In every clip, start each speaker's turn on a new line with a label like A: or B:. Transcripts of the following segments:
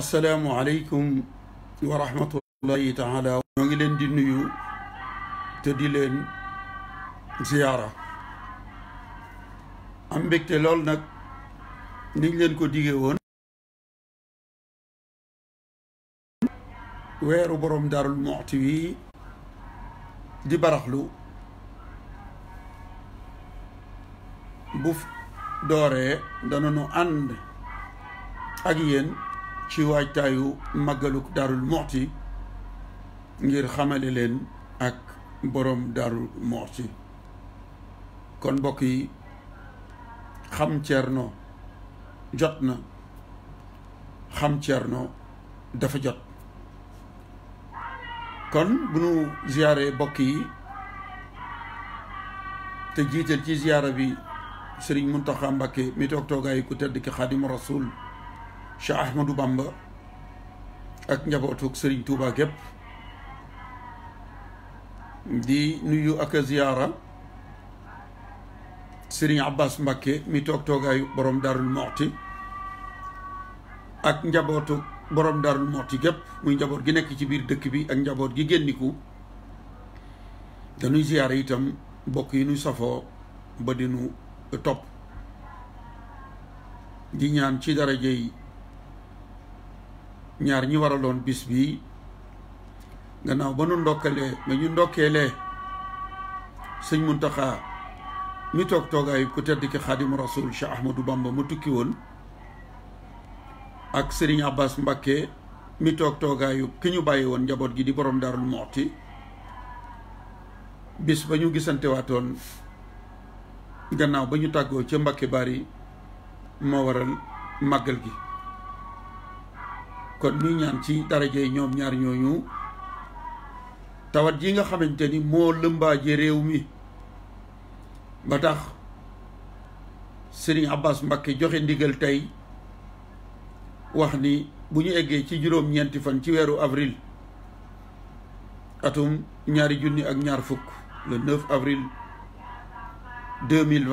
A: assalaamu aleykum wa rahmatullahi taala ñoo ngi leen di nuyu te di leen ziyaara am mbégte lool nag niñ leen ko digee woon weeru boroom Daarul Muxti wi di baraxlu bu dooree danañu ànd ak yéen ci waajtaayu màggaluk daarul moxti ngir xamale leen ak boroom daarul moxti kon mbokk yi xam ceerno jot na xam ceerno dafa jot kon bu nu ziyaaree mbokk yi te jiital ci ziyaara bi sëriñ Muntaxa Mbàkke mi toog toogaayu ku tedd ki xaadimu rasul Cheikh Ahmadou Bamba ak njabootuk sëriñ Tuubaa gépp di nuyu ak ziyaara sëriñ Abbas Mbàkke mi toog toogaayu borom Daarul Moxti ak njabootuk borom Daarul Moxti gépp muy njaboot gi nekk ci biir dëkk bi ak njaboot gi génniku dañuy ziyaara itam mbokk yi nuy safoo ba di topp di ñaan ci darajey ñaar ñi waraloon bis bi gannaaw ba nu ndokkalee ba ñu ndokkeelee sëñ Muntaxa mi toog toogaay ku tedd ki xaadimu rasul Cheikh Ahmadou Bamba mu tukki woon ak Serigne Abbas Mbakke mi toog toogaayu ki ñu bàyyi woon njaboot gi di borom Daarul Muxti bis ba ñu gisante gannaaw ba ñu tàggoo ca Mbàkke Bari moo waral màggal gi kon ñuy ñaan ci daraje ñoom ñaar ñooñu tawat ji nga xamante ni moo lëmbaaje réew mi ba tax Serigne Abbas Mbacke joxe ndigal tey wax ni bu ñu eggee ci juróom-ñeenti fan ci weeru avril atum ñaari junni ak ñaar fukk avril deux mille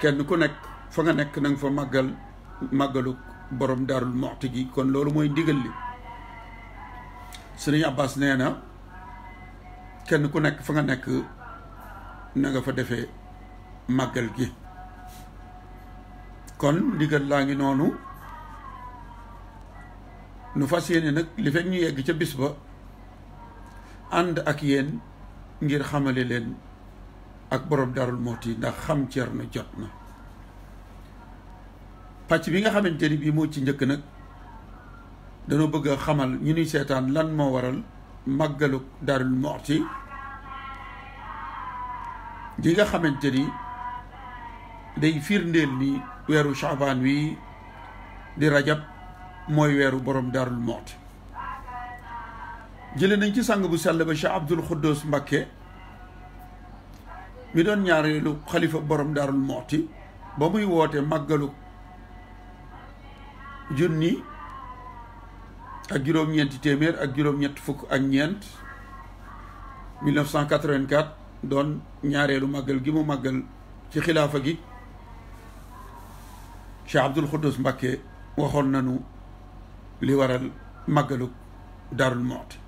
A: kenn ku nekk fa nga nekk na nga fa màggal màggalu boroom daarul moxti gi kon loolu mooy ndigal li sëriñ Abbas nee na kenn ku nekk fa nga nekk nanga fa defee màggal gi kon ndigal laa ngi noonu nu fas yéene nag li fekk ñu yegg ca bis ba ànd ak yéen ngir xamale leen ak borom darul mooti ndax xam Cerno jot na pàcc bi nga xamante ni bii moo ci njëkk nag dañoo bëgg a xamal ñu nuy seetaan lan moo waral màggalu darul mooti gi nga xamante ni day firndeel ni weeru Shaabaan wi di rajab mooy weeru boroom darul mooti jële nañ ci sang bu sell ba Cheikh Abdul Xuddoos Mbakke mi doon ñaareelu xalifa borom Daarul Moxti ba muy woote màggalu junni ak juróom-ñeenti juróom-ñett doon ñaareelu màggal gi mu màggal ci xilaafa gi Cheikh Abdoul Khoudous Mbacké waxoon nañu li waral màggalu Daarul Moxti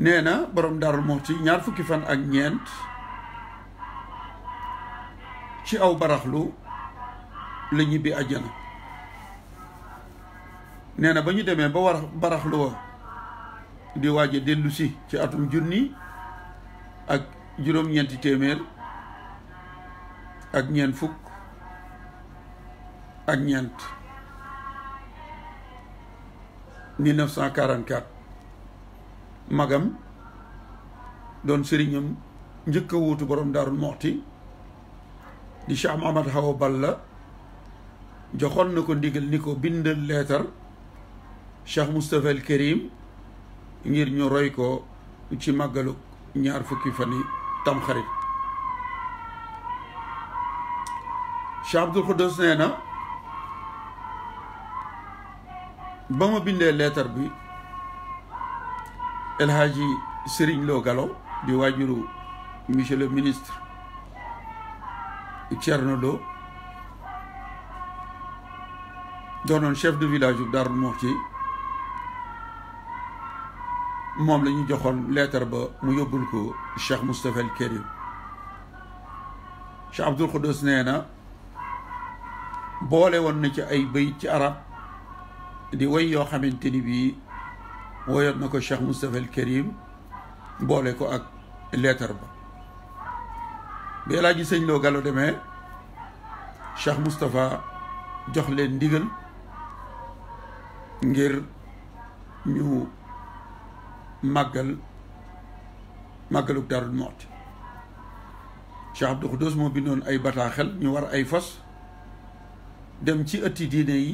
A: Nena barom borom darul moxti ñaar fukki fan ak ñent ci aw baraxlu la ñibbi àjjana nee nena ba ñu ba war baraxlu wa di waji delu si ci atum jurni ak jurom ñenti téeméer ak ñen fuk ak ñent 1944 magam doon sëriñam njëkk wuutu borom daarul moxti di Cheikh Mahamad Hawa la joxoon na ko ndigal ni ko bindal leetar Cheikh Moustapha El Kérim ngir ñu roy ko ci màggalu ñaar fukki fan yi tamxarit Cheikh Abdoul Khoudous nee na ba ma bindee leetar bi El Hadji Serigne Lo Gallo di waajuru monsieur le ministre Thierno Lo doonoon chef de village bu Darou Mouhty moom la ñu joxoon lettre ba mu yóbbul ko Cheikh Moustapha El Kérim Cheikh Abdoul Khoudous nee na boole na ci ay bayit ci arab di way yoo xamante ni ويد نكو الشيخ مصطفى الكريم بوليكو اك ليتر با بيلا جي سيغ نو غالو ديمي الشيخ مصطفى جوخ لين ديغل غير نيو ماغال ماغالوك دار الموت شيخ عبد القدوس مو بينون اي بتاخل ني وار اي فاس dem ci ëtti diine yi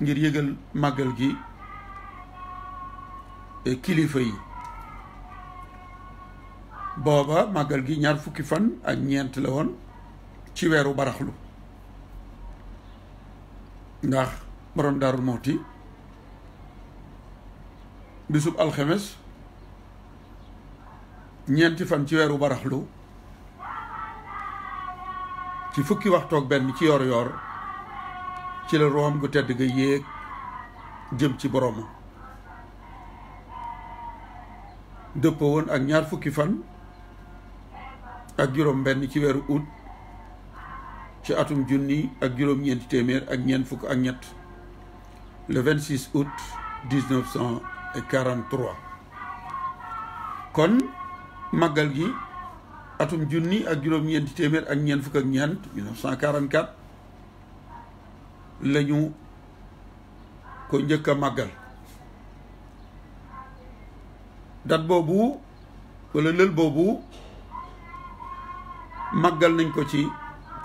A: ngir yëgal màggal gi E kilifa yi booba màggal gi ñaar fukki fan ak ñeent la woon ci weeru baraxlu ndax borom daarul mawti bisub alxemes ñeenti fan ci weeru baraxlu ci fukki waxtoog benn ci yor yor ci la gu tedd ga yéeg jëm ci boroma dëppoo woon ak ñaar fukki fan ak juróom benn ci weeru août ci atum junni ak juróom ñeenti téeméer ak ñeent fukk ak ñett le 26 août 1943 kon màggal gi atum junni ak juróom ñeenti téeméer ak ñeent fukk ak ñeent 1944 la ñu ko njëkk a màggal dat boobu wala lël boobu màggal nañ ko ci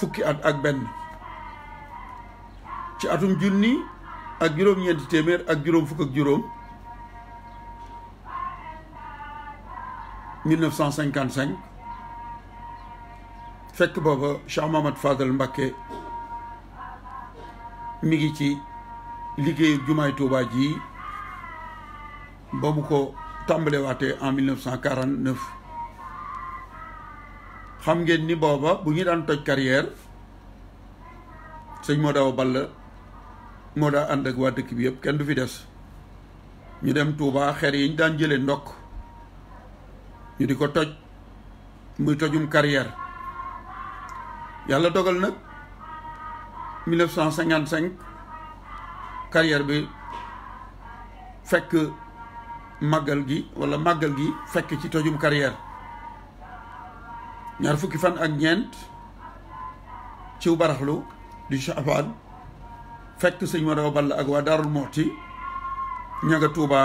A: fukki at ak benn ci atum junni ak juróom-ñeenti téeméer ak juróom fukk ak juróom 1955 fekk booba Cheikh Mahamad Fadal Mbacké mi ngi ci liggéeyu jumaay Tuubaa ji ba mu ko tàmbalewaatee en 1949 xam ngeen ni booba bu ñu daan toj carrière sëñ moo daaw ball moo daa ànd ak waa dëkk bi yëpp kenn du fi des ñu dem Touba xeer yi ñu daan jëlee ndokk ñu di ko toj muy tojum carrière yàlla dogal nag 1955 carrière bi fekk magal gi wala magal gi fekk ci tojum carrière ñaar fukki fan ak baraxlu di Chaabaan fekk seigne modaw ball ak wa darul Moxti ñaga touba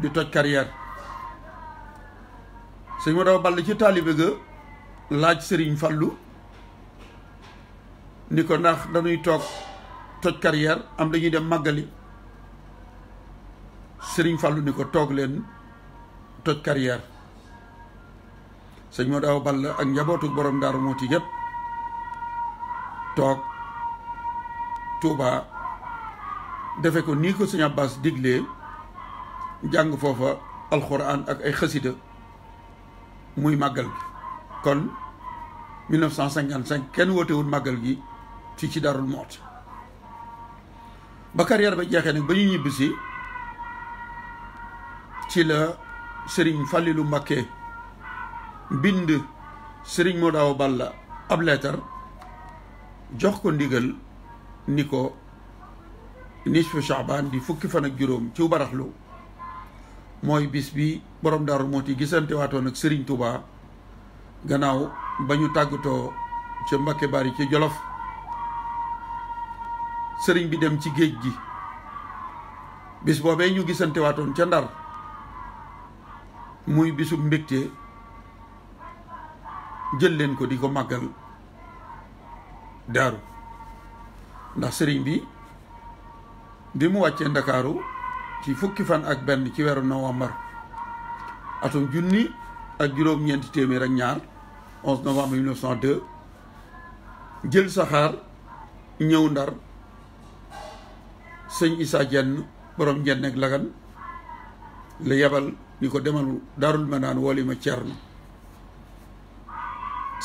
A: di toj carrière seigne modaw ball ci talibé ga laaj Sëriñ Fallu niko ko dañuy toj carrière am dañuy dem magali Sëriñ Fàllu ni ko toog leen toj carrière sëñ Modou Awa Balla ak njabootu borom Daaru Muhti yëpp toog Tuubaa defe ko nii ko sëñ Abbas jàng foofa alxuraan ak ay xasida muy màggal gi kon 1955 kenn wootewul màggal gi fii ci Daaru Muhti ba carrière ba jeexee nag ba ñu ñibbisi ci la sëriñ lu Mbàkke mbind sëriñ moo daaw la ab leetar jox ko ndigal ni ko nisfu Shaaban di fukki fan ak juróom ci baraxlu mooy bis bi boroom daaru moo ci gisante waatoon ak sëriñ Touba gannaaw ba ñu tàggatoo ca Mbàkke Bari ci Jolof sëriñ bi dem ci géej gi bis boobee ñu gisante waatoon ca Ndar muy bisub mbégte jël leen ko di ko màggal daaru ndax sëriñ bi bi mu wàccee ndakaaru ci fukki fan ak benn ci weeru novembre atum junni ak juróom-ñeenti téeméer ak ñaar 11 novembre jël saxaar ñëw ndar sëñ Issa Dieng borom Dieng ak Lagan la yebal ni ko demal daarul naan wooli ma ceerno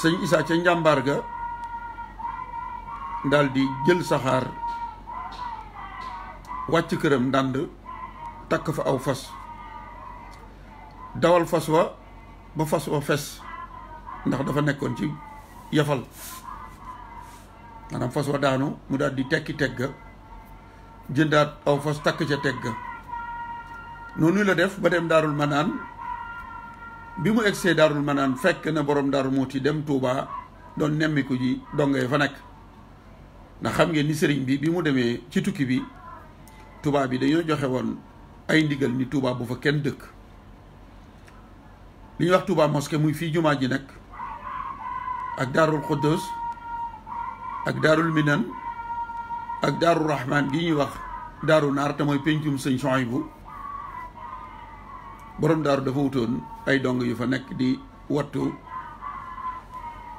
A: sëñ Isaa ca njàmbaar ga daal di jël saxaar wàcc këram ndànd takk fa aw fas dawal fas wa ba fas wa fes ndax dafa nekkoon ci yafal maanaam fas wa daanu mu daal di tekki tegga jëndaat aw fas takk ca tegga noonu la def ba dem daarul manaan bi mu egsee daarul manaan fekk na borom daaru muuti dem Touba don nemmiku ji dongee fa nekk ndax xam ngeen ni sëriñ bi bi mu demee ci tukki bi Touba bi dañoo joxe woon ay ndigal ni Touba bu fa kenn dëkk li ñuy wax Touba mosquée muy fii jumaa ji nekk ak daarul Xuddoos ak daarul Minan ak daarul Rahman gi ñuy wax daaru naar te mooy pencum sëñ Sohaybu borom daaru dafa wutoon ay dong yu fa nekk di wattu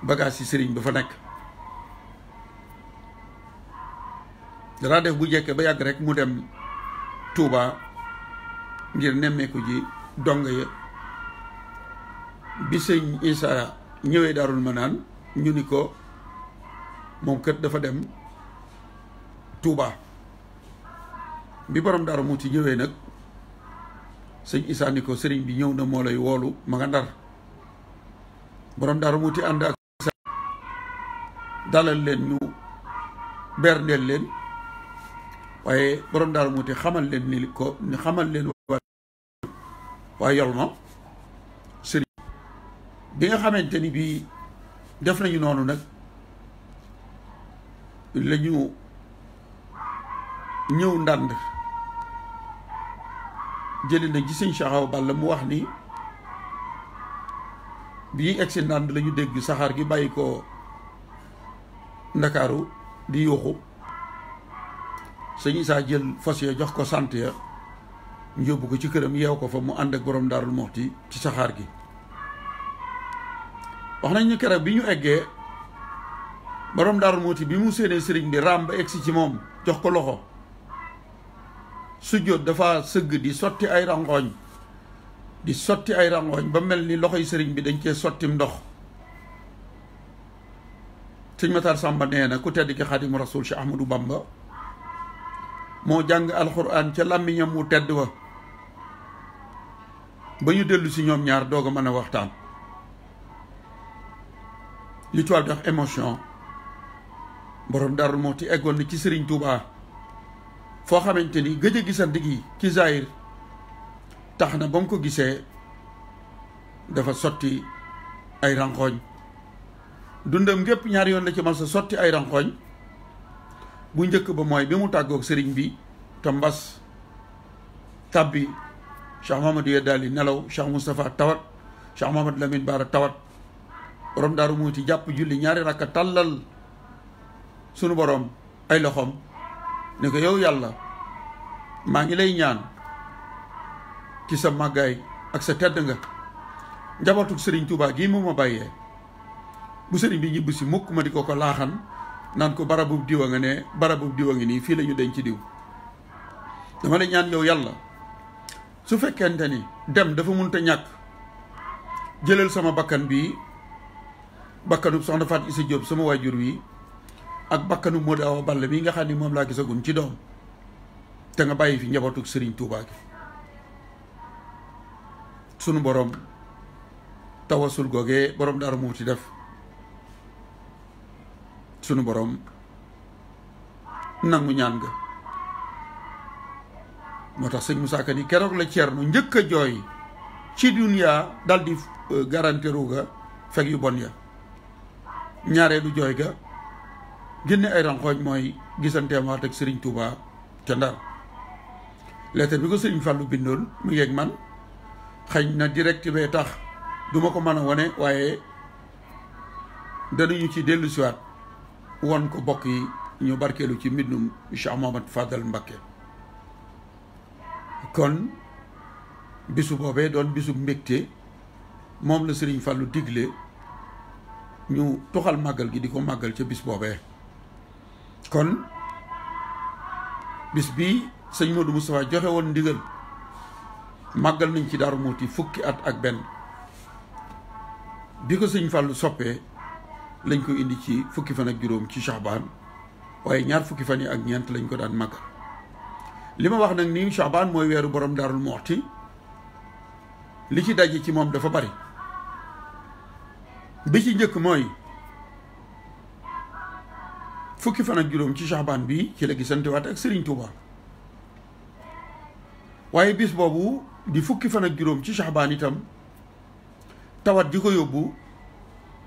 A: bagage yi sëriñ ba fa nekk danaa def bu jekkee ba yàgg rek mu dem tuubaa ngir nemmeeku ji dong ya bi sëñ Issa ñëwee daarul ma naan ñu ni ko moom kët dafa dem Touba bi borom daaru mu ci ñëwee nag sëñ Issa ni ko sëriñ bi ñëw na moo lay woolu ma nga ndar borom daaru mu ti ànd ak dalal leen ñu berndeel leen waaye borom daaru mu xamal leen ni ko xamal leen waa yol ma sëriñ bi nga xamante ni bii def nañu noonu nag la ñu ñëw ndànd jëli na ci seigne Cheikh Awa Balla mu wax ni bi egsi nand dégg sahar gi bayiko ko di yoxu seigne isa jël fas ya jox ko sante ya njóbbu ko ci kërëm yew ko fa mu ànd ak borom daarul moxti ci sahar gi wax nañu kër bi ñu eggé borom darul muhti bi mu bi ramba ci mom jox ko loxo sujjóot dafa sëgg di sotti ay rangooñ di sotti ay rangooñ ba mel ni loxo loxoy sëriñ bi dañ cee sottim ndox sëñ Matar Samba nee na ku tedd ki xaadimu rasuul Cheikh Ahmadou Bamba moo jàng alxuraan ca làmmiñam wu tedd wa ba ñu dellu si ñoom ñaar doog a mën a waxtaan li tubaab di wax émotion borom Darou Mouhty eggoon na ci sëriñ Touba. foo xamante ni gëj a gisante gi ci Zahir tax na ba mu ko gisee dafa sotti ay ranqooñ dundam gépp ñaar yoon la ci mas a sotti ay ranqooñ bu njëkk ba mooy bi mu tàggoog sëriñ bi te mbas tàbbi Cheikh daal Yeddaali nelaw Cheikh Moustapha tawat Cheikh Mamadou Lamine Bara tawat borom daaru muuti jàpp julli ñaari rakka tàllal sunu borom ay loxoom ne ko yow yalla ma ngi lay ñaan ci sa magay ak sa tedd nga njabootuk serigne touba gi mu ma baye bu serigne bi ñibb si mukk ma diko ko laxan nan ko barabu diwa nga ne barabu diwa ngi ni fi lañu denc diw dama lay ñaan yow yalla su ni dem dafa ta ñak jëlal sama bakkan bi bakkanu soxna Faat Isa job sama wajur wi ak bakkanu Modou Awa Balla mii nga xam ne moom laa gisagun ci doom te nga bàyyi fi njabootu sëriñ Touba gi sunu borom tawasul googee boroom borom Daaru Muxti def sunu borom nangu ñaan nga moo tax sëñ mu Ka ni keroog la Ceerno njëkk a jooy ci duniyaa dal di euh, garanteeru ga fekk yu bon ya ñaareelu jooy ga génne ay ranxooñ mooy gisanteem wax ak Serigne Touba ca Ndar lettre bi ko Serigne fàllu bindoon mu yeeg man xëy na direct bee tax duma ko mën a wane waaye danañu ci dellusiwaat won ko bokk yi ñu barkeelu ci mbindum Cheikh Mohamad Fadal Mbacké kon bisu boobee doon bisu mbégte moom la Serigne Fallou digle ñu tuxal màggal gi di ko màggal ca bis boobee kon bis bii sëñ Modou Moustapha joxe woon ndigal màggal nañ ci Daaru Muxti fukki at ak benn bi ko sëñ Fàllu soppee lañ ko indi ci fukki fan ak juróom ci Chaabaan waaye ñaar fukki fan yi ak ñeent lañ ko daan màggal li ma wax nag nii Chaabaan mooy weeru borom Daaru Muxti li ci daje ci moom dafa bari bi ci njëkk mooy fukki fana ak ci bi ci la gisante wat ak Serigne Touba waye bis bobu di fukki fana ak ci itam tawat diko ko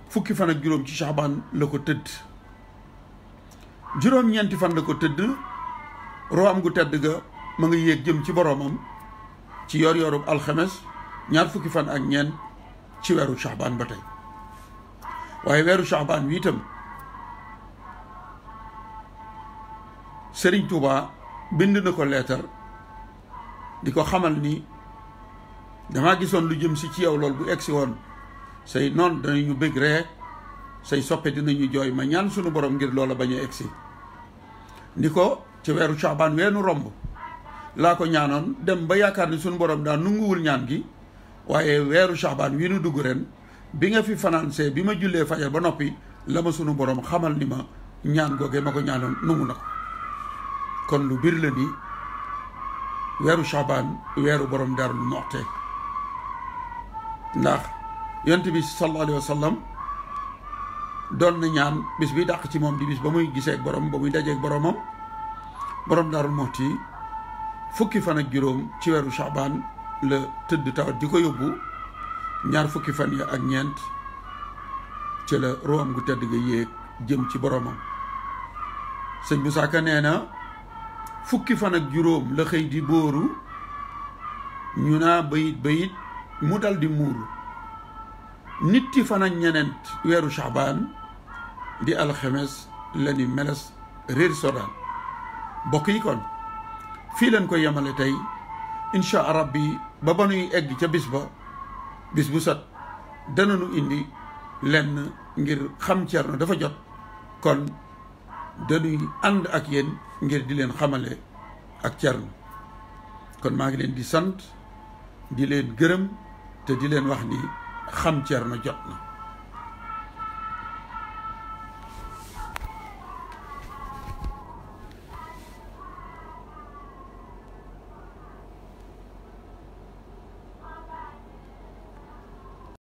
A: fukki fana ak ci Shahban lako ko tëdd ñenti fan lako ko ro roam gu tedd ga ma nga yegg jëm ci boromam ci yor yorub khamis ñaar fukki fan ak ñen ci batay waye wi tam sering Touba bind na ko niko hamalni, xamal ni dama gisone lu jëm ci ci yow bu egsi woon say noon danañu bëgg ree say soppe dinañu joy ma ñaan sunu borom ngir loola baña exi egsi ci wéru chaban wénu romb la ko ñaanon dem ba yaakaar ni sunu borom nungu wul ñaan gi waaye wéru chaban wi ñu dugg ren bi nga fi financé bima ma fajar ba nopi la ma sunu borom xamal ni ma ñaan goge ma ñaanon nungu nako kon lu bir la ni wéru Chaban wéru borom darul Muxti ndax yent bi sallallahu alayhi wasallam don na ñaan bis bi dàq ci mom di bis ba muy gisee borom ba muy dajeeg boromam borom darul mu'ti fukki fan ak juróom ci wéru Chaban le tëdd taw di ko yóbbu ñaar fukki fan ya ak ñent ci la room gu tëdd ga yé jëm ci boromam sëñ Moussa Ka nee fukki fan ak juróom la xëy di bóoru ñu naa bayit bayit mu daldi di muuru nitti fan ak ñeneent weeru Shaabaan di alxemes la ni meles réer sodaan bokk yi kon fii leen ko yemale tey incha bi ba ba nuy egg ca bis ba bis bu sat dana nu indi lenn ngir xam Ceerno dafa jot kon dañuy ànd ak yéen ngir di leen xamale ak Thierno kon maa ngi leen di sant di leen gërëm te di leen wax ni xam na jot na